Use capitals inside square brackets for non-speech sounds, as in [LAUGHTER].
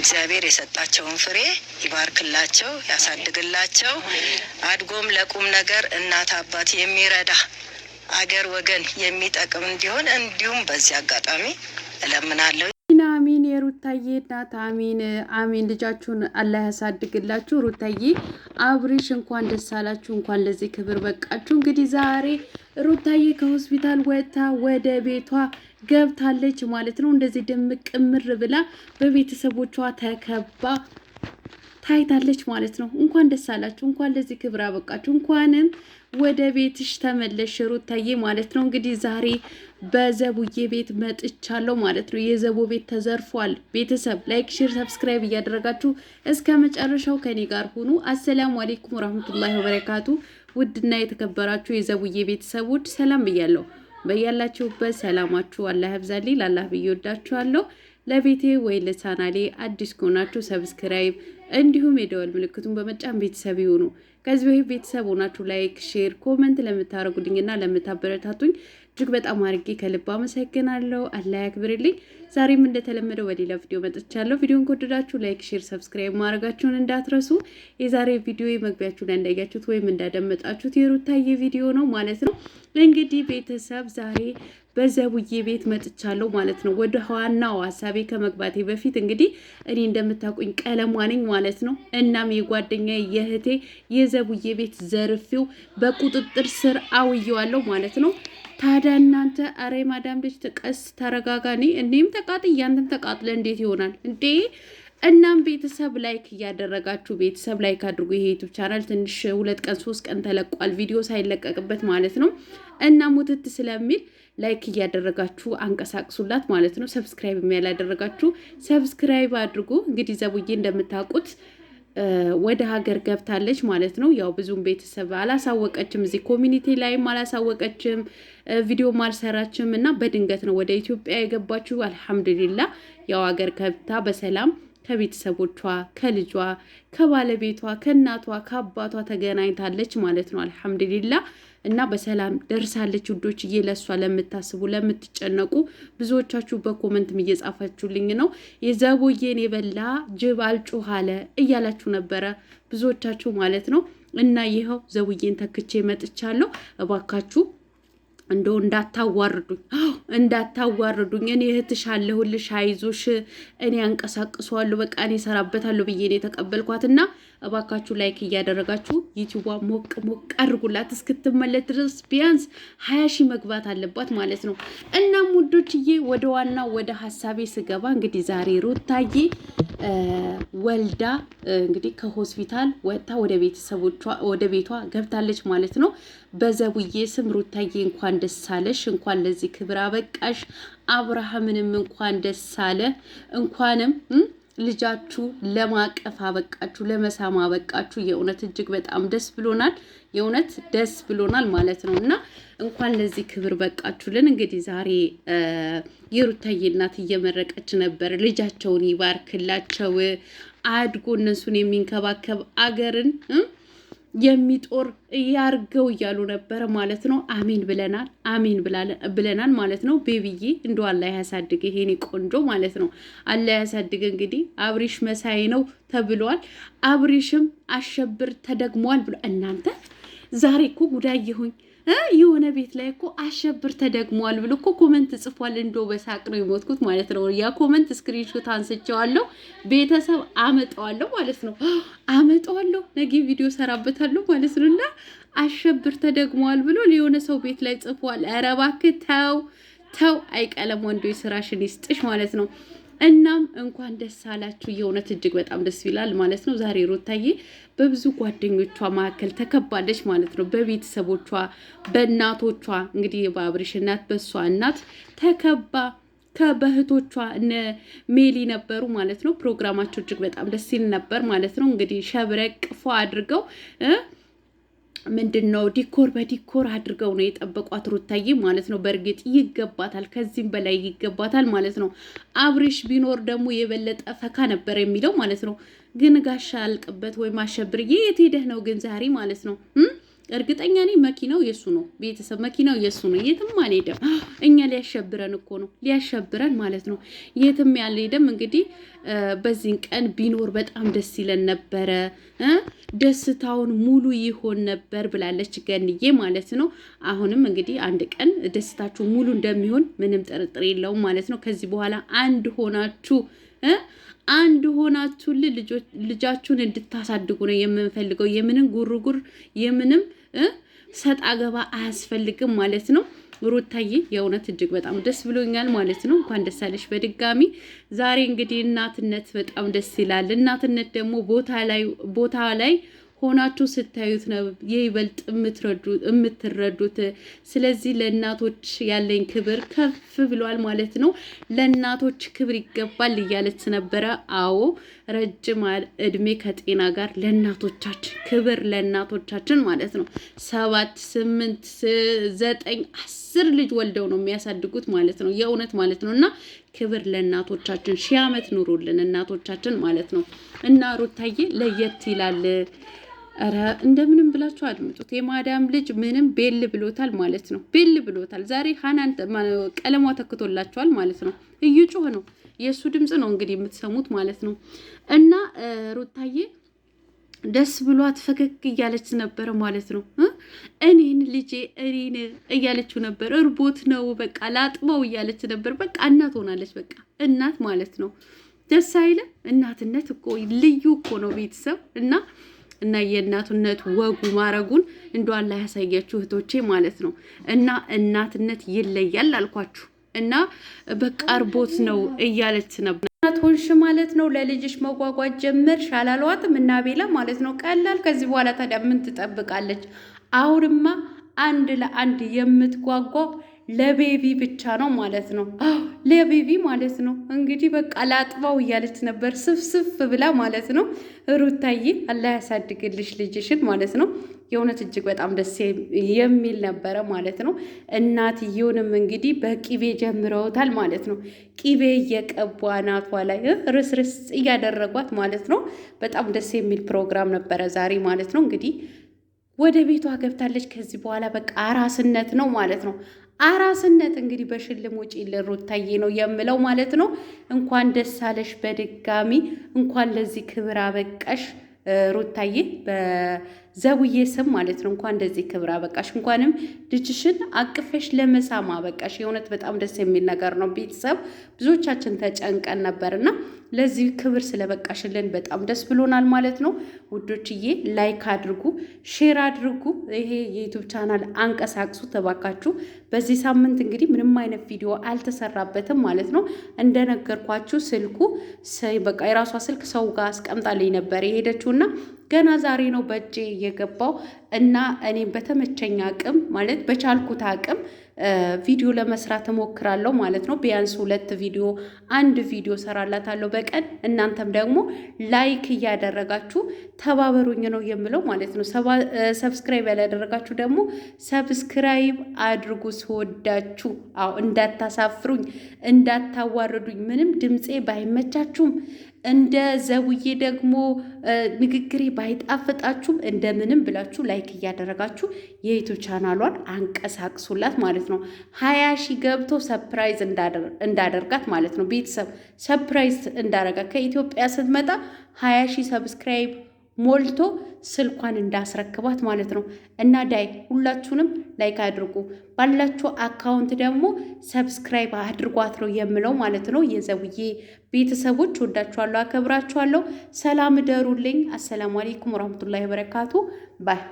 እግዚአብሔር የሰጣቸውን ፍሬ ይባርክላቸው፣ ያሳድግላቸው። አድጎም ለቁም ነገር እናት አባት የሚረዳ አገር ወገን የሚጠቅም እንዲሆን እንዲሁም በዚህ አጋጣሚ እለምናለሁ። አሚን የሩታዬ እናት አሚን አሚን። ልጃችሁን አላህ ያሳድግላችሁ። ሩታዬ አብሪሽ እንኳን ደስ አላችሁ፣ እንኳን ለዚህ ክብር በቃችሁ። እንግዲህ ዛሬ ሩታዬ ከሆስፒታል ወጥታ ወደ ቤቷ ገብታለች ማለት ነው። እንደዚህ ድምቅ ቅምር ብላ በቤተሰቦቿ ተከባ ታይታለች ማለት ነው። እንኳን ደስ አላችሁ፣ እንኳን ለዚህ ክብር አበቃችሁ፣ እንኳንም ወደ ቤትሽ ተመለሽ ሩታዬ ማለት ነው። እንግዲህ ዛሬ በዘቡዬ ቤት መጥቻለሁ ማለት ነው። የዘቡ ቤት ተዘርፏል። ቤተሰብ ላይክ፣ ሼር፣ ሰብስክራይብ እያደረጋችሁ እስከ መጨረሻው ከኔ ጋር ሁኑ። አሰላሙ አሌይኩም ወራህመቱላሂ ወበረካቱ። ውድና የተከበራችሁ የዘቡዬ ቤተሰቦች ሰላም ብያለሁ። በያላችሁበት ሰላማችሁ አላህ ያብዛልኝ። ላላህ ብዬ ወዳችኋለሁ። ለቤቴ ወይ ለቻናሌ አዲስ ከሆናችሁ ሰብስክራይብ እንዲሁም የደወል ምልክቱን በመጫን ቤተሰብ ይሁኑ። ከዚህ በፊት ቤተሰብ ሆናችሁ ላይክ፣ ሼር፣ ኮመንት ለምታደርጉልኝና ለምታበረታቱኝ እጅግ በጣም አድርጌ ከልብ አመሰግናለሁ። አላህ ያክብርልኝ። ዛሬም እንደተለመደው በሌላ ቪዲዮ መጥቻለሁ። ቪዲዮን ከወደዳችሁ ላይክ፣ ሼር፣ ሰብስክራይብ ማድረጋችሁን እንዳትረሱ። የዛሬ ቪዲዮ መግቢያችሁ ላይ እንዳያችሁት ወይም እንዳደመጣችሁት የሩታዬ ቪዲዮ ነው ማለት ነው። እንግዲህ ቤተሰብ ዛሬ በዘቡዬ ቤት መጥቻለሁ ማለት ነው። ወደ ዋናው ሀሳቤ ከመግባቴ በፊት እንግዲህ እኔ እንደምታውቁኝ ቀለሟ ነኝ ማለት ነው። እናም የጓደኛ የእህቴ የዘቡዬ ቤት ዘርፌው በቁጥጥር ስር አውየዋለሁ ማለት ነው። ታዲያ እናንተ አሬ ማዳም ልጅ ተቀስ ተረጋጋኒ፣ እኔም ተቃጥ አንተም ተቃጥለ እንዴት ይሆናል እንዴ? እናም ቤተሰብ ላይክ እያደረጋችሁ ቤተሰብ ላይክ አድርጉ። ይሄ ዩቱብ ቻናል ትንሽ ሁለት ቀን ሶስት ቀን ተለቋል፣ ቪዲዮ ሳይለቀቅበት ማለት ነው። እና ሙትት ስለሚል ላይክ እያደረጋችሁ አንቀሳቅሱላት ማለት ነው። ሰብስክራይብ ያላደረጋችሁ ሰብስክራይብ አድርጉ። እንግዲህ ዘቡዬ እንደምታውቁት ወደ ሀገር ገብታለች ማለት ነው። ያው ብዙም ቤተሰብ አላሳወቀችም፣ እዚህ ኮሚኒቲ ላይም አላሳወቀችም፣ ቪዲዮም አልሰራችም እና በድንገት ነው ወደ ኢትዮጵያ የገባችው። አልሐምዱሊላ ያው ሀገር ገብታ በሰላም ከቤተሰቦቿ ከልጇ፣ ከባለቤቷ፣ ከእናቷ፣ ከአባቷ ተገናኝታለች ማለት ነው። አልሐምዱሊላ እና በሰላም ደርሳለች። ውዶች እዬ ለእሷ ለምታስቡ ለምትጨነቁ ብዙዎቻችሁ በኮመንትም እየጻፋችሁልኝ ነው። የዘቦዬን የበላ ጅብ አልጩኋለ እያላችሁ ነበረ ብዙዎቻችሁ ማለት ነው። እና ይኸው ዘቡዬን ተክቼ መጥቻለሁ። እባካችሁ እንደው እንዳታዋርዱኝ እንዳታዋርዱኝ፣ እኔ እህትሽ አለሁልሽ፣ አይዞሽ፣ እኔ አንቀሳቅሰዋለሁ፣ በቃ እኔ እሰራበታለሁ ብዬ ነው የተቀበልኳት። እና እባካችሁ ላይክ እያደረጋችሁ ዩቲዩቧ ሞቅ ሞቅ አድርጉላት እስክትመለት ድረስ ቢያንስ ሀያ ሺህ መግባት አለባት ማለት ነው። እናም ውዶችዬ ወደ ዋናው ወደ ሀሳቤ ስገባ እንግዲህ ዛሬ ሩታዬ ወልዳ እንግዲህ ከሆስፒታል ወጥታ ወደ ቤተሰቦቿ ወደ ቤቷ ገብታለች ማለት ነው። በዘቡዬ ስም ሩታዬ እንኳን ደስ አለሽ፣ እንኳን ለዚህ ክብር አበቃሽ። አብርሃምንም እንኳን ደስ አለ እንኳንም ልጃችሁ ለማቀፍ አበቃችሁ፣ ለመሳም አበቃችሁ። የእውነት እጅግ በጣም ደስ ብሎናል። የእውነት ደስ ብሎናል ማለት ነው እና እንኳን ለዚህ ክብር በቃችሁልን። እንግዲህ ዛሬ የሩታዬ እናት እየመረቀች ነበር። ልጃቸውን ይባርክላቸው አድጎ እነሱን የሚንከባከብ አገርን የሚጦር ያርገው እያሉ ነበር ማለት ነው። አሜን ብለናል፣ አሜን ብለናል ማለት ነው። ቤቢዬ እንደ አላህ ያሳድግ ይሄኔ ቆንጆ ማለት ነው። አላህ ያሳድግ እንግዲህ አብሪሽ መሳይ ነው ተብሏል። አብሪሽም አሸብር ተደግሟል ብሎ እናንተ ዛሬ እኮ ጉዳይ ይሁኝ የሆነ ቤት ላይ እኮ አሸብር ተደግሟል ብሎ እኮ ኮመንት ጽፏል። እንደው በሳቅ ነው የሞትኩት ማለት ነው። ያ ኮመንት ስክሪንሾት አንስቼዋለሁ፣ ቤተሰብ አመጣዋለሁ ማለት ነው። [GASPS] አመጣዋለሁ ነገ ቪዲዮ ሰራበታለሁ ማለት ነው። እና አሸብር ተደግሟል ብሎ የሆነ ሰው ቤት ላይ ጽፏል። ኧረ እባክህ ተው ተው፣ አይቀለም ወንዶ የስራሽን ይስጥሽ ማለት ነው። እናም እንኳን ደስ አላችሁ። የእውነት እጅግ በጣም ደስ ይላል ማለት ነው። ዛሬ ሩታዬ በብዙ ጓደኞቿ መካከል ተከባለች ማለት ነው። በቤተሰቦቿ፣ በእናቶቿ እንግዲህ በአብርሽ እናት፣ በእሷ እናት ተከባ ከበህቶቿ እነ ሜሊ ነበሩ ማለት ነው። ፕሮግራማቸው እጅግ በጣም ደስ ይል ነበር ማለት ነው። እንግዲህ ሸብረቅ ፏ አድርገው ምንድን ነው ዲኮር በዲኮር አድርገው ነው የጠበቋት ሩታዬ ማለት ነው። በእርግጥ ይገባታል፣ ከዚህም በላይ ይገባታል ማለት ነው። አብሪሽ ቢኖር ደግሞ የበለጠ ፈካ ነበር የሚለው ማለት ነው። ግን ጋሻ አልቅበት ወይም አሸብርዬ የት ሄደህ ነው ግን ዛሬ ማለት ነው እርግጠኛ ነኝ መኪናው የሱ ነው። ቤተሰብ መኪናው የሱ ነው። የትም አልሄደም። [GASPS] እኛ ሊያሸብረን እኮ ነው፣ ሊያሸብረን ማለት ነው። የትም ያልሄደም። እንግዲህ በዚህን ቀን ቢኖር በጣም ደስ ይለን ነበረ፣ ደስታውን ሙሉ ይሆን ነበር ብላለች ገንዬ ማለት ነው። አሁንም እንግዲህ አንድ ቀን ደስታችሁ ሙሉ እንደሚሆን ምንም ጥርጥር የለውም ማለት ነው። ከዚህ በኋላ አንድ ሆናችሁ አንድ ሆናችሁ ልጃችሁን እንድታሳድጉ ነው የምንፈልገው። የምንም ጉርጉር የምንም ሰጥ አገባ አያስፈልግም ማለት ነው። ሩታዬ የእውነት እጅግ በጣም ደስ ብሎኛል ማለት ነው። እንኳን ደስ አለሽ በድጋሚ። ዛሬ እንግዲህ እናትነት በጣም ደስ ይላል። እናትነት ደግሞ ቦታ ላይ ሆናችሁ ስታዩት ነው የይበልጥ የምትረዱት። ስለዚህ ለእናቶች ያለኝ ክብር ከፍ ብሏል ማለት ነው። ለእናቶች ክብር ይገባል እያለች ነበረ። አዎ ረጅም እድሜ ከጤና ጋር ለእናቶቻችን ክብር ለእናቶቻችን ማለት ነው። ሰባት ስምንት ዘጠኝ አስር ልጅ ወልደው ነው የሚያሳድጉት ማለት ነው። የእውነት ማለት ነው እና ክብር ለእናቶቻችን ሺህ ዓመት ኑሩልን እናቶቻችን ማለት ነው እና ሩታዬ ለየት ይላል። ኧረ እንደምንም ብላችሁ አድምጡት። የማዳም ልጅ ምንም ቤል ብሎታል ማለት ነው። ቤል ብሎታል። ዛሬ ሀናን ቀለሟ ተክቶላቸዋል ማለት ነው። እየጮህ ነው የእሱ ድምፅ ነው እንግዲህ የምትሰሙት ማለት ነው። እና ሩታዬ ደስ ብሏት ፈገግ እያለች ነበረ ማለት ነው። እኔን ልጄ እኔን እያለችው ነበር። እርቦት ነው በቃ ላጥበው እያለች ነበር። በቃ እናት ሆናለች። በቃ እናት ማለት ነው። ደስ አይለ እናትነት እኮ ልዩ እኮ ነው ቤተሰብ እና እና የእናትነት ወጉ ማረጉን ላይ ያሳያችሁ እህቶቼ ማለት ነው። እና እናትነት ይለያል አልኳችሁ። እና በቃርቦት ነው እያለች ነበር። ሆንሽ ማለት ነው ለልጅሽ መጓጓት ጀመርሽ አላሏትም እና ቤላ ማለት ነው ቀላል። ከዚህ በኋላ ታዲያ ምን ትጠብቃለች? አሁንማ አንድ ለአንድ የምትጓጓ ለቤቢ ብቻ ነው ማለት ነው። አዎ ለቤቢ ማለት ነው። እንግዲህ በቃ ላጥባው እያለች ነበር ስፍስፍ ብላ ማለት ነው። ሩታዬ አላህ ያሳድግልሽ ልጅሽን ማለት ነው። የእውነት እጅግ በጣም ደስ የሚል ነበረ ማለት ነው። እናትየውንም እንግዲህ በቂቤ ጀምረውታል ማለት ነው። ቂቤ እየቀቧ ናቷ ላይ ርስርስ እያደረጓት ማለት ነው። በጣም ደስ የሚል ፕሮግራም ነበረ ዛሬ ማለት ነው እንግዲህ ወደ ቤቷ ገብታለች። ከዚህ በኋላ በቃ አራስነት ነው ማለት ነው። አራስነት እንግዲህ በሽልም ውጪ ለሩታዬ ነው የምለው ማለት ነው። እንኳን ደስ አለሽ በድጋሚ እንኳን ለዚህ ክብር አበቃሽ ሩታዬ። ዘውዬ ስም ማለት ነው። እንኳን እንደዚህ ክብር አበቃሽ፣ እንኳንም ልጅሽን አቅፈሽ ለመሳም አበቃሽ። የእውነት በጣም ደስ የሚል ነገር ነው። ቤተሰብ ብዙዎቻችን ተጨንቀን ነበርና ለዚህ ክብር ስለበቃሽልን በጣም ደስ ብሎናል ማለት ነው። ውዶችዬ ላይክ አድርጉ፣ ሼር አድርጉ፣ ይሄ የዩቱብ ቻናል አንቀሳቅሱ ተባካችሁ። በዚህ ሳምንት እንግዲህ ምንም አይነት ቪዲዮ አልተሰራበትም ማለት ነው። እንደነገርኳችሁ ስልኩ በቃ የራሷ ስልክ ሰው ጋር አስቀምጣልኝ ነበር የሄደችውና ገና ዛሬ ነው በእጄ የገባው እና እኔም በተመቸኝ አቅም ማለት በቻልኩት አቅም ቪዲዮ ለመስራት እሞክራለሁ ማለት ነው። ቢያንስ ሁለት ቪዲዮ፣ አንድ ቪዲዮ ሰራላታለሁ በቀን። እናንተም ደግሞ ላይክ እያደረጋችሁ ተባበሩኝ ነው የምለው ማለት ነው። ሰብስክራይብ ያላደረጋችሁ ደግሞ ሰብስክራይብ አድርጉ። ስወዳችሁ፣ አዎ እንዳታሳፍሩኝ፣ እንዳታዋርዱኝ። ምንም ድምፄ ባይመቻችሁም እንደ ዘውዬ ደግሞ ንግግሬ ባይጣፍጣችሁም እንደምንም ብላችሁ ላይክ እያደረጋችሁ የዩቱ ቻናሏን አንቀሳቅሱላት ማለት ነው። ሀያ ሺ ገብቶ ሰፕራይዝ እንዳደርጋት ማለት ነው። ቤተሰብ ሰፕራይዝ እንዳረጋት ከኢትዮጵያ ስትመጣ ሀያ ሺ ሰብስክራይብ ሞልቶ ስልኳን እንዳስረክባት ማለት ነው። እና ዳይ ሁላችሁንም ላይክ አድርጉ፣ ባላችሁ አካውንት ደግሞ ሰብስክራይብ አድርጓት ነው የምለው ማለት ነው። የዘውዬ ቤተሰቦች ወዳችኋለሁ፣ አከብራችኋለሁ። ሰላም እደሩልኝ። አሰላሙ አሌይኩም ወራህመቱላሂ ወበረካቱ ባይ